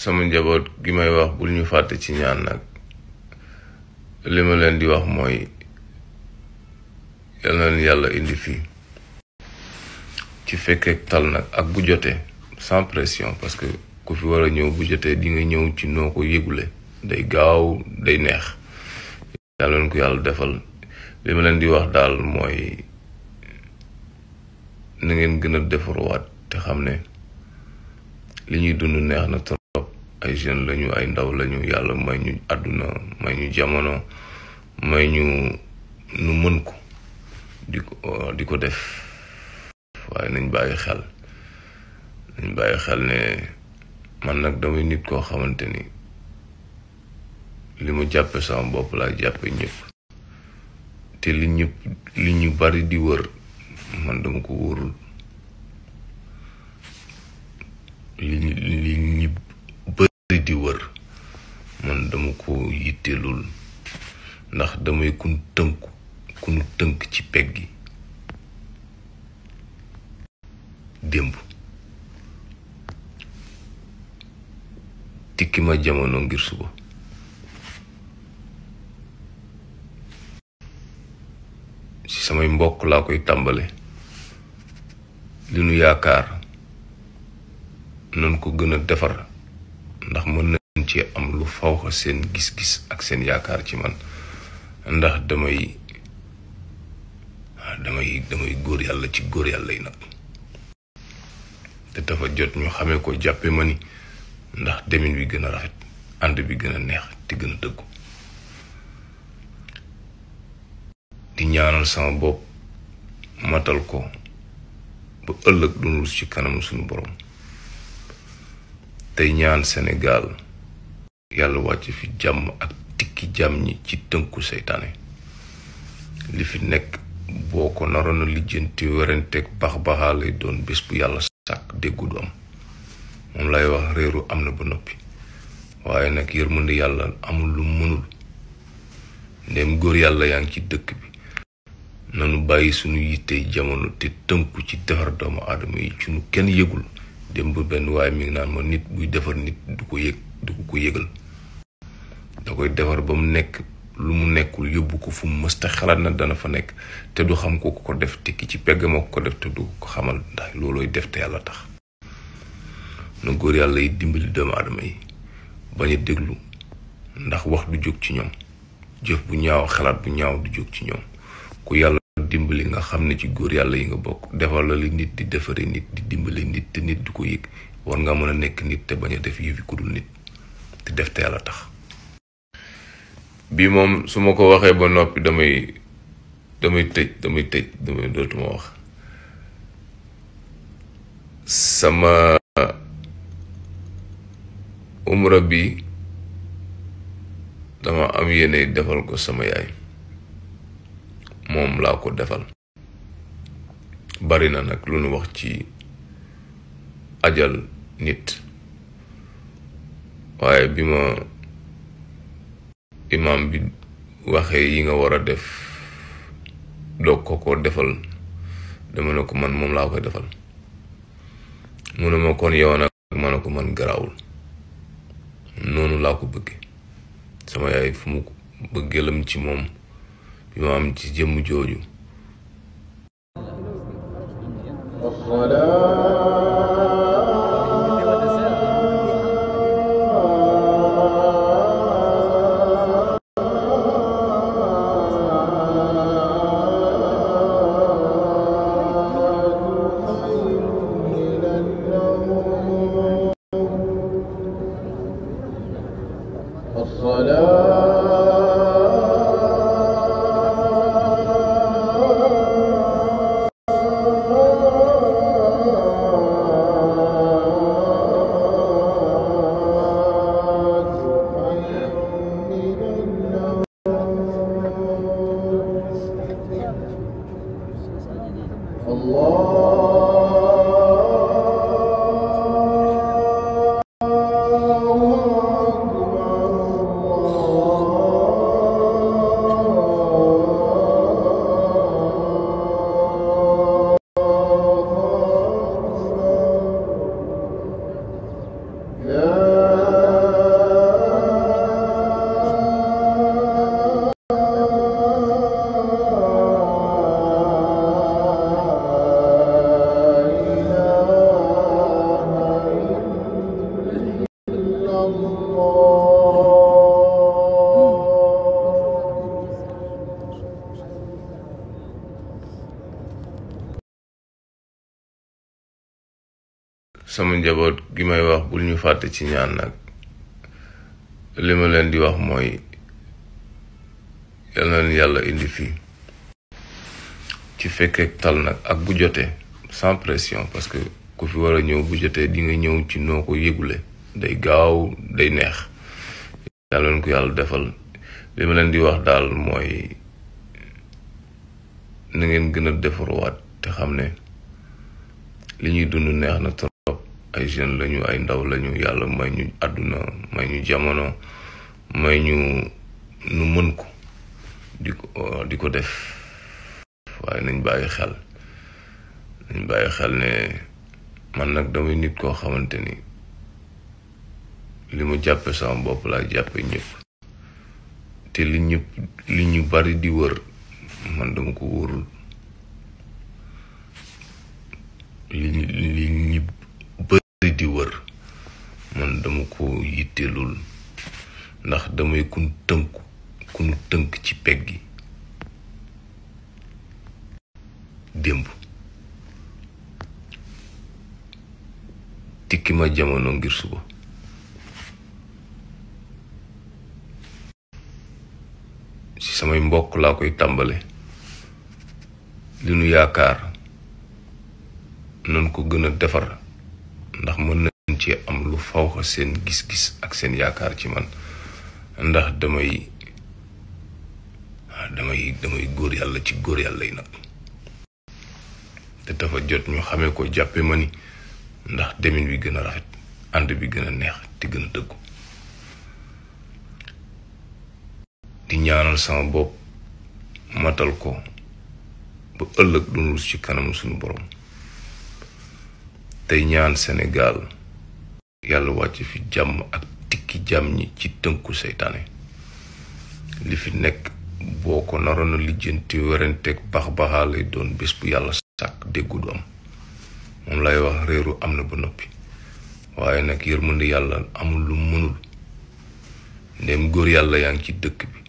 sama njaboot gi may wax bul ñu fàtte ci ñaan nag li ma leen di wax mooy yal na leen yàlla indi fii ci fekkee tal nag ak bu jotee sans pression parce que ku fi war a ñëw bu jotee di nga ñëw ci noo ko yëgule day gaaw day neex yàlla leen ko yàlla defal li ma leen di wax daal mooy na ngeen gën a defaruwaat te xam ne li ñuy dund neex na ay jeunes lañu ay ndaw lañu yàlla may ñu àdduna may ñu jamono may ñu nu mën ko di ko euh, ko def waaye nañ bàyyi xel nañ bàyyi xel ne man nag damay nit koo xamante ni li ma jàppe sama bopp laa jàppe ñëpp te li ñëpp li ñu bari di wër man dama ko wóorul li li ko yitteelul ndax damay kun tënk kunu tënk ci peg gi démb tikki ma jamono ngir suba ci samay mbokk laa koy tàmbale li nu yaakaar nan ko gën a defar ndax mën na ci am lu faw seen gis-gis ak seen yaakaar ci man ndax damay ah, damay damay góor yàlla ci góor yàlla yi nag te dafa jot ñu xamee ko jàppe ma ni ndax demin bi gën a rafet ànd bi gën a neex te gën a dëggu di ñaanal sama bopp matal ko ba ëllëg dunul ci kanamu suñu boroom tey ñaan Sénégal yàlla wàcc fi jàmm ak tikki jàmm ñi ci tënku seytaane li fi nekk boo ko naroon a lijjanti werenteeg baax baaxaa lay doon bés bu yàlla sàkk déggu du am moom lay wax réeru am na ba noppi waaye nag yërmande yàlla amul lu mënul ndem góor yàlla yaa ngi ci dëkk bi nanu bàyyi sunu yittey jamono te tënku ci defar doomu aadama yi ci nu kenn yëgul dem bu benn waaye mi ngi naan ma nit buy defar nit du ko yëg du ko ko yëgal da koy defar ba mu nekk lu mu nekkul yóbbu ko fu mës mësta xalaat na dana fa nekk te du xam ko ko def te ki ci pegg moo ko def te du ko xamal ndax loolooy def te yàlla tax na góor yàlla yi dimbali doomu aadama yi bañ déglu ndax wax du jóg ci ñoom jëf bu ñaaw xalaat bu ñaaw du jóg ci ñoom ku yàlla dimbali nga xam ne ci góor yàlla yi nga bokk defal la li nit di defaree nit di dimbali nit te nit du ko yëg war nga mën a nekk nit te bañ a def yëfi ku dul nit te def te tax bii moom su ma ko waxee ba noppi damay damay tëj damay tëj damay dootuma wax sama umra bi dama am yéene defal ko sama yaay moom laa ko defal bari na nag lu nu wax ci ajal nit waaye bi ma imaam bi waxee yi nga war a def doog ko ko defal dama ne ko man moom laa ko defal mu ne ma kon yow nag ma ne ko man garawul noonu laa ko bëgge sama yaay fu mu bëggeelam ci moom bi ma am ci jëmm jooju sama njaboot gi may wax bul ñu fàtte ci ñaan nag li leen di wax mooy yal na yàlla indi fii ci fekkeek tal nag ak bu jotee sans pression parce que ku fi war a ñëw bu jotee di nga ñëw ci noo ko yëgule day gaaw day neex yàlla leen ko yàlla defal li ma leen di wax daal mooy na ngeen gën a defaruwaat te xam ne li ñuy dund neex na trop ay jeunes lañu ay ndaw lañu yàlla may ñu àdduna may ñu jamono may ñu nu mën ko di ko uh, ko def waaye nañ bàyyi xel nañ bàyyi xel ne man nag damay nit koo xamante ni li mu jàppe sama bopp laa jàppe ñëpp te li ñu bari di wër man dama ko wóorul li li ñu bari di wër man dama ko yitteelul ndax damay kun tënk kunu tënk ci peg gi démb tikki ma jamono ngir suba samay mbokk laa koy tàmbale li nu yaakaar nan ko gën a defar ndax mën nañ ci am lu fawxa seen gis-gis ak seen yaakaar ci man ndax damay ah, damay damay góor yàlla ci góor yàlla yi nag te dafa jot ñu xamee ko jàppe ma ni ndax demin bi gën a rafet ànd bi gën a neex te gën a dëggu di ñaanal sama bopp matal ko ba ëllëg dunul ci kanam suñu boroom tey ñaan senegal yàlla wàcc fi jàmm ak dikki jàmm ñi ci tënku seytaane li fi nekk boo ko naroon a lijjanti werenteeg baax baaxaa lay doon bés bu yàlla sàkk déggu du am moom lay wax réeru am na ba noppi waaye nag yërmande yàlla amul lu mënul ndéem góor yàlla yaa ngi ci dëkk bi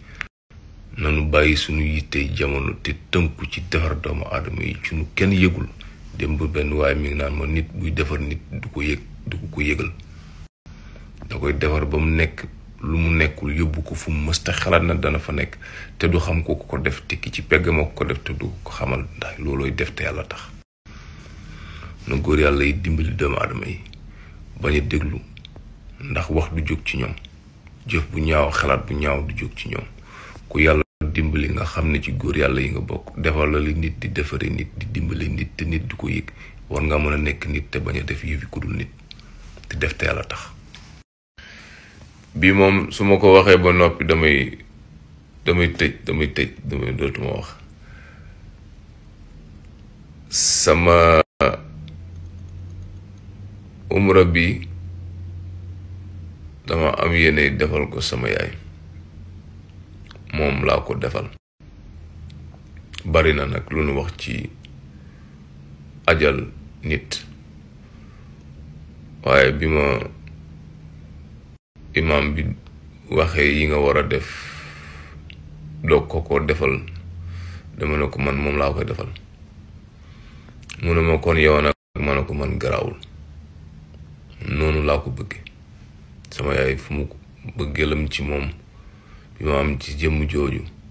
nanu bàyyi sunu yittey jamono te tënku ci defar doomu aadama yi ci nu kenn yëgul dem ba benn waaye mi ngi naan ma nit buy defar nit du ko yëg du ko ko yëgal da koy defar ba mu nekk lu mu nekkul yóbbu ko fu mës mësta xalaat na dana fa nekk te du xam ko ko def te ki ci pegg moo ko def te du ko xamal ndax loolooy def te yàlla tax na góor yàlla yi dimbali doomu aadama yi bañ a déglu ndax wax du jóg ci ñoom jëf bu ñaaw xalaat bu ñaaw du jóg ci ñoom ku yàlla dimbali nga xam ne ci góor yàlla yi nga bokk defal la li nit di defari nit di dimbali nit te nit du ko yëg war nga mën a nekk nit te bañ a def yëfi ku dul nit te def te a tax bi moom su ma ko waxee ba noppi damay damay tëj damay tëj damay dootuma wax sama umra bi dama am yéene defal ko sama yaay moom laa ko defal bari na nag lu nu wax ci ajal nit waaye bi ma imaam bi waxee yi nga war a def doog ko ko defal dama ne ko man moom laa koy defal mu ne ma kon yow nag ma ko man garaawul noonu laa ko bëgge sama yaay fu mu bëggeelam ci moom ñu am ci jëmm jooju